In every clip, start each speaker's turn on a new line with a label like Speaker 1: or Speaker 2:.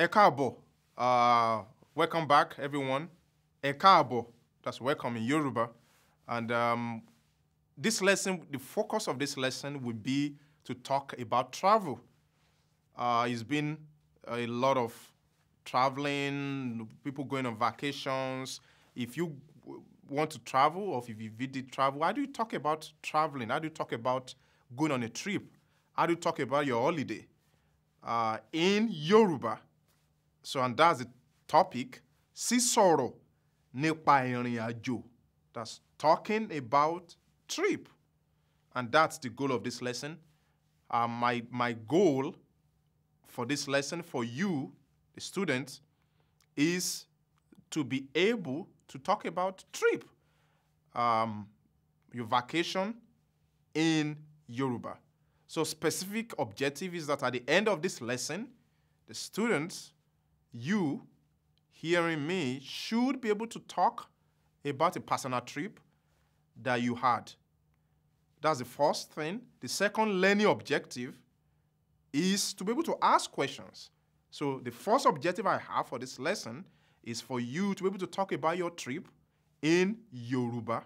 Speaker 1: Ẹ uh, welcome back everyone. Ẹ káàbọ̀, that's welcome in Yoruba. And um, this lesson, the focus of this lesson will be to talk about travel. Uh, it's been a lot of traveling, people going on vacations. If you want to travel or if you did travel, how do you talk about traveling? How do you talk about going on a trip? How do you talk about your holiday? Uh, in Yoruba, so and that's the topic. Sísọ̀rọ̀ nípa That's talking about trip. And that's the goal of this lesson. Uh, my, my goal for this lesson for you, the students, is to be able to talk about trip, um, your vacation in Yoruba. So specific objective is that at the end of this lesson, the students you hearing me should be able to talk about a personal trip that you had. That's the first thing. The second learning objective is to be able to ask questions. So the first objective I have for this lesson is for you to be able to talk about your trip in Yoruba.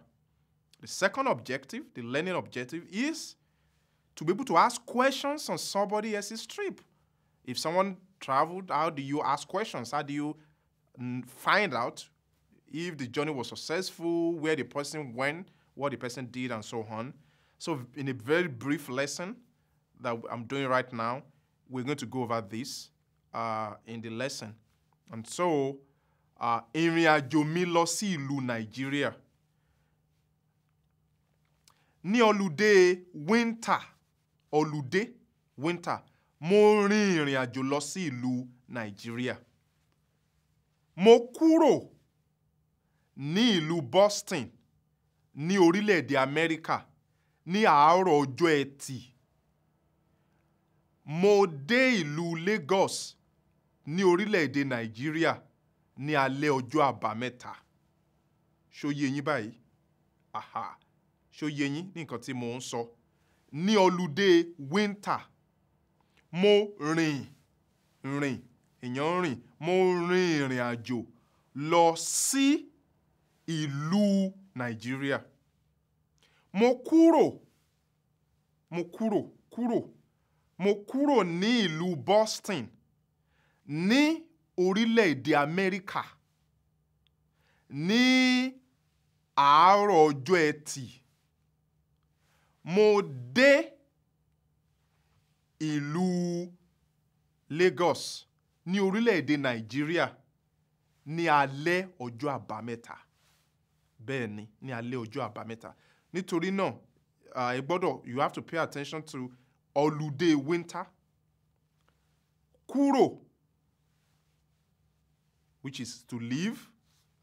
Speaker 1: The second objective, the learning objective, is to be able to ask questions on somebody else's trip. If someone traveled? How do you ask questions? How do you mm, find out if the journey was successful, where the person went, what the person did, and so on? So, in a very brief lesson that I'm doing right now, we're going to go over this uh, in the lesson. And so, in uh, àjò mi ìlú Ní ọlùdé winter, ọlùdé winter mo rin ìrìn àjò lọ sí ìlú nàìjíríà mo kúrò ní ìlú Boston ní orílẹ̀-èdè amẹ́ríkà ní àárọ̀ ọjọ́ ẹtì mo dé ìlú Lagos ní orílẹ̀-èdè nàìjíríà ní alẹ́ ọjọ́ àbámẹ́ta ṣó yín báyìí aha ṣó yé yín ní nǹkan tí mo ń sọ ní ọlùdé winter mo rìn rìn èèyàn rìn mo rìn ìrìn àjò lọ sí ìlú nàìjíríà mo kúrò mo kúrò kúrò mo kúrò ní ìlú Boston ní orílẹ̀-èdè Amẹ́ríkà ní àárọ̀ ọjọ́ ẹtì mo dé ìlú Lagos ní orílẹ̀-èdè Nàìjíríà ní alẹ́ ọjọ́ àbámẹ́ta bẹ́ẹ̀ ni ní alẹ́ ọjọ́ àbámẹ́ta nítorí náà ẹ gbọ́dọ̀ you have to pay attention to holiday winter kúrò which is to leave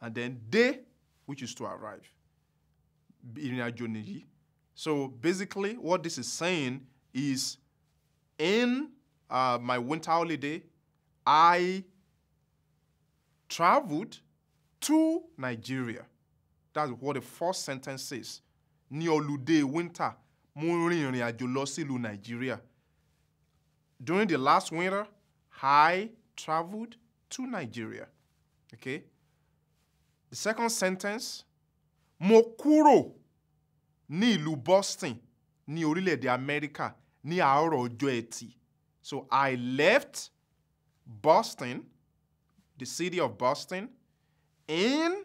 Speaker 1: and then dé which is to arrive ìrìn àjò nìyí so basically what this is saying is in uh, my winter holiday, I traveled to Nigeria. That's what the first sentence says. Ni olude winter, mo rin ìrìn àjò Nigeria. During the last winter, I traveled to Nigeria. Okay? The second sentence, mo kúrò ní ìlú Boston ní orílẹ̀-èdè America ní àárọ̀ ọjọ́ ẹtì so I left Boston the city of Boston in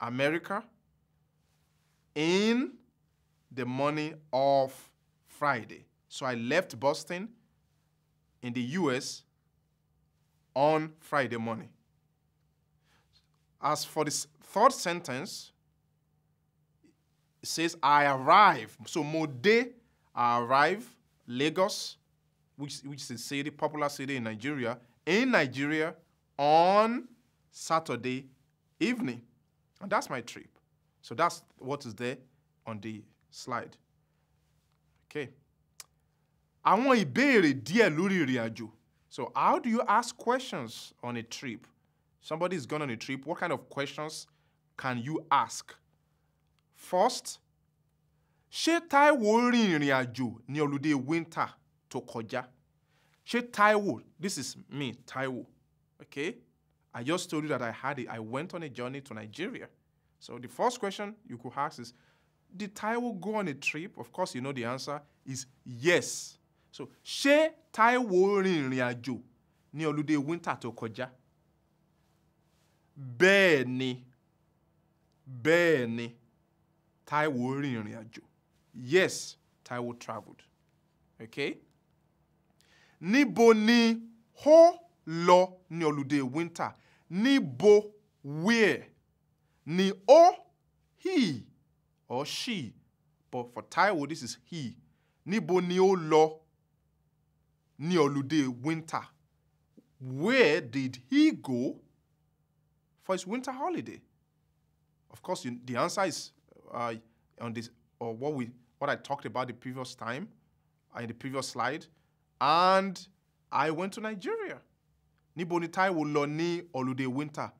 Speaker 1: America in the morning of Friday so I left Boston in the US on Friday morning. As for the third sentence, it says, I arrive. So, mo I arrive Lagos, which, which is a city, popular city in Nigeria, in Nigeria on Saturday evening. And that's my trip. So that's what is there on the slide. Okay. Àwọn ìbéèrè díẹ̀ lórí ìrìn àjò. So how do you ask questions on a trip? Somebody is gone on a trip. What kind of questions can you ask? First, ṣé Taiwo rin ìrìn àjò ní ọlùdé winter tó kọjá ṣé Taiwo, this is me Taiwo. okay I just told you that I had it I went on a journey to Nigeria so the first question you could ask is did Taiwo go on a trip of course you know the answer is yes so ṣé Taiwo rin ìrìn àjò ní ọlùdé winter tó kọjá bẹ́ẹ̀ ni Taiwo ni Táíwò àjò Yes, Taiwo traveled. Okay? Níbo ni ho lọ ní olude winter? Níbo where? Ni ó he or she? But for Taiwo, this is he. Níbo ni ó lọ ní olude winter? Where did he go for his winter holiday? Of course, the answer is uh, on this, or what we what I talked about the previous time, uh, in the previous slide, and I went to Nigeria. Niboni taiwo Táíwò lọ ní winter?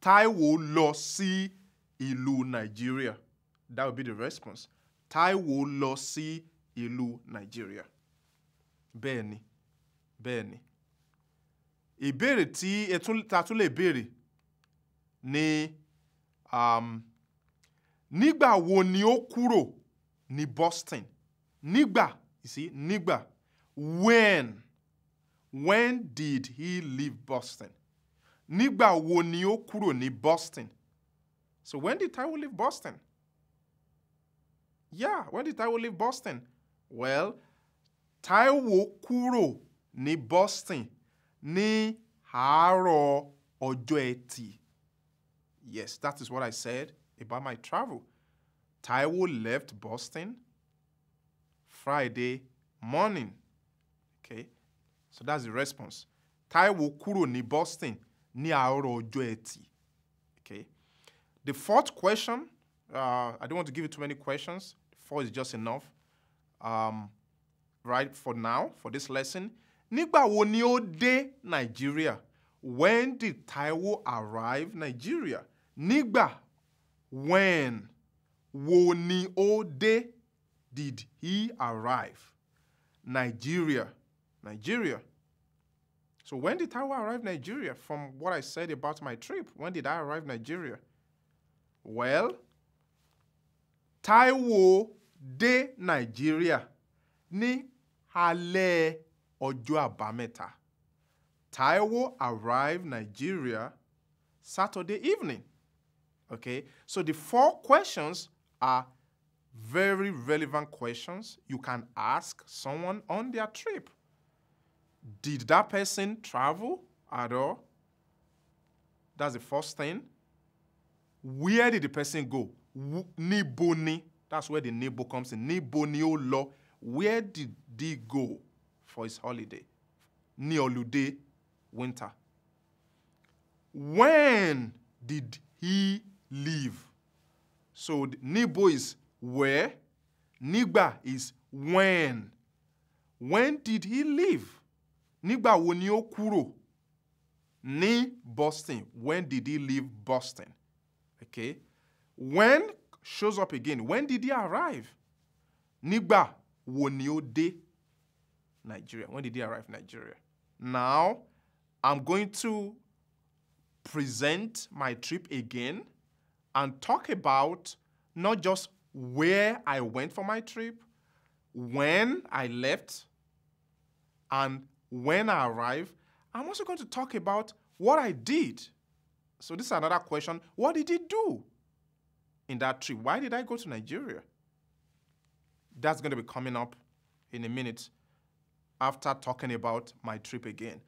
Speaker 1: Taiwo lọ sí ìlú Nigeria. That would be the response. Taiwo lọ sí ìlú Nigeria. Bẹ́ẹ̀ni, bẹ́ẹ̀ni. Ìbéèrè ti a tún le bere. ni um, nígbà wo ni ó kúrò ní Boston nígbà you see nígbà when when did he leave Boston nígbà wo ni ó ní Boston so when did Taiwo leave Boston yeah when did Taiwo leave Boston well Taiwo kúrò ní Boston ní Haro ọjọ́ Ẹtì yes that is what I said about my travel. Taiwo left Boston Friday morning. Okay, so that's the response. Taiwo kúrò ni Boston ni àárọ̀ ọjọ́ ẹtì. Okay, the fourth question, uh, I don't want to give you too many questions. Four is just enough. Um, right for now, for this lesson. Nigba wo ni ó Nigeria? When did Taiwo arrive Nigeria? Nigba, when? When ni ode did he arrive? Nigeria. Nigeria. So when did Taiwo arrive Nigeria from what I said about my trip? When did I arrive Nigeria? Well, Taiwo dé Nigeria ní hale ọjọ́ àbámẹ́ta. Taiwo arrived Nigeria Saturday evening. Okay, so the four questions are very relevant questions you can ask someone on their trip. Did that person travel at all? That's the first thing. Where did the person go? Níbo That's where the níbo comes in. Níbo ni Where did he go for his holiday? Ní winter. When did he leave? So níbo is where, nígbà is when. When did he leave? Nígbà wo ni ó kúrò? Ní Boston. When did he leave Boston? Okay. When shows up again. When did he arrive? Nígbà wo ni ó dé? Nigeria. When did he arrive Nigeria? Now, I'm going to present my trip again and talk about not just where I went for my trip, when I left, and when I arrived. I'm also going to talk about what I did. So this is another question. What did it do in that trip? Why did I go to Nigeria? That's going to be coming up in a minute after talking about my trip again.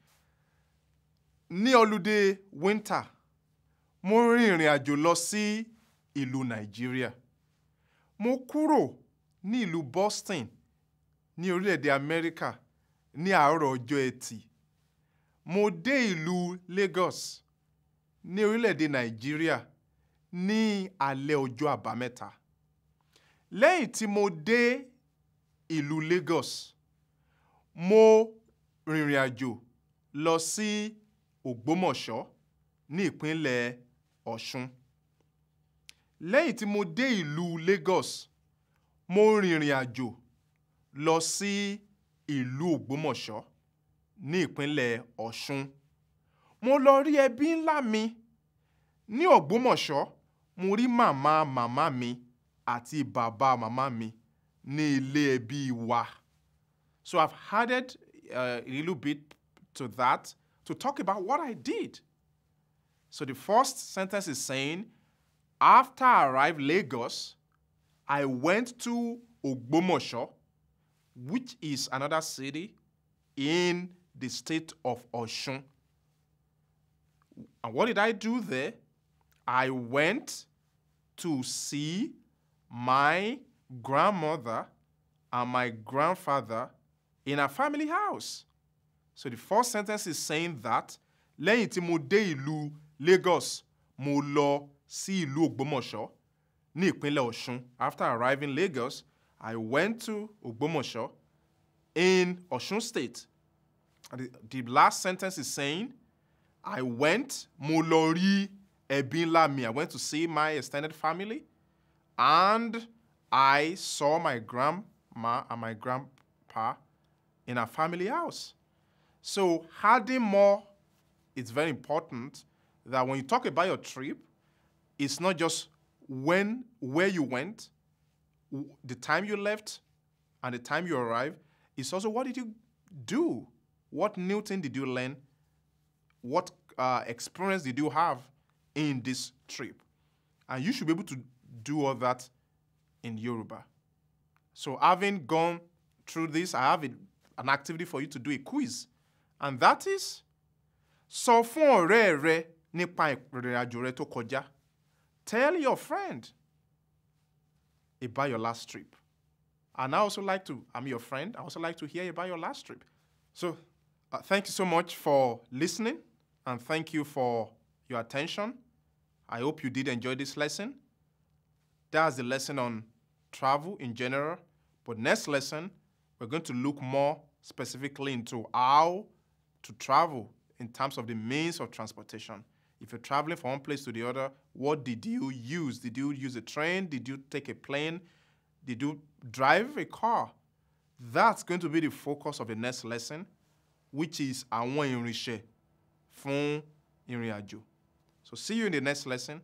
Speaker 1: Ní winter mo rin ìrìn àjò lọ sí ìlú nàìjíríà mo kúrò ní ìlú Boston ní orílẹ̀-èdè amẹ́ríkà ní àárọ̀ ọjọ́ ẹtì mo dé ìlú Lagos ní orílẹ̀-èdè nàìjíríà ní alẹ́ ọjọ́ àbámẹ́ta lẹ́yìn tí mo dé ìlú Lagos mo rìnrìn àjò lọ sí Ògbómọ̀ṣọ́ ní ìpínlẹ̀ ọ̀ṣun lẹ́yìn tí mo dé ìlú Lagos mo rìnrìn àjò lọ sí ìlú Ògbómọ̀ṣọ́ ní ìpínlẹ̀ ọ̀ṣun mo lọ rí ẹbí ńlá mi ní Ògbómọ̀ṣọ́ mo rí màmá màmá mi àti bàbá màmá mi ní ilé ẹbí wa so I've added uh, a little bit to that to talk about what I did So the first sentence is saying, after I arrived Lagos, I went to Ogbomosho, which is another city in the state of Oshun. And what did I do there? I went to see my grandmother and my grandfather in a family house. So the first sentence is saying that lẹ́yìn tí mo dé ìlú Lagos mo lọ sí ìlú Ògbómọ̀ṣọ́ ní ìpínlẹ̀ Ọ̀ṣun. After arriving Lagos, I went to Ògbómọ̀ṣọ́ in Ọ̀ṣun state. The, the last sentence is saying, I went, mo lọ rí ẹbí ńlá mi. I went to see my extended family and I saw my grandma and my grandpa in our family house. So adding more it's very important that when you talk about your trip, it's not just when, where you went, the time you left, and the time you arrived. It's also what did you do? What new thing did you learn? What uh, experience did you have in this trip? And you should be able to do all that in Yoruba. So having gone through this, I have a, an activity for you to do a quiz. And that is, sọ fún ọ̀rẹ́ rẹ nípa rẹ tó kọjá tell your friend about your last trip and I also like to I'm your friend I also like to hear about your last trip so uh, thank you so much for listening and thank you for your attention I hope you did enjoy this lesson that's the lesson on travel in general but next lesson we're going to look more specifically into how to travel in terms of the means of transportation. If you're traveling from one place to the other, what did you use? Did you use a train? Did you take a plane? Did you drive a car? That's going to be the focus of the next lesson, which is àwọn ìrìnsẹ̀ from ìrìn So see you in the next lesson.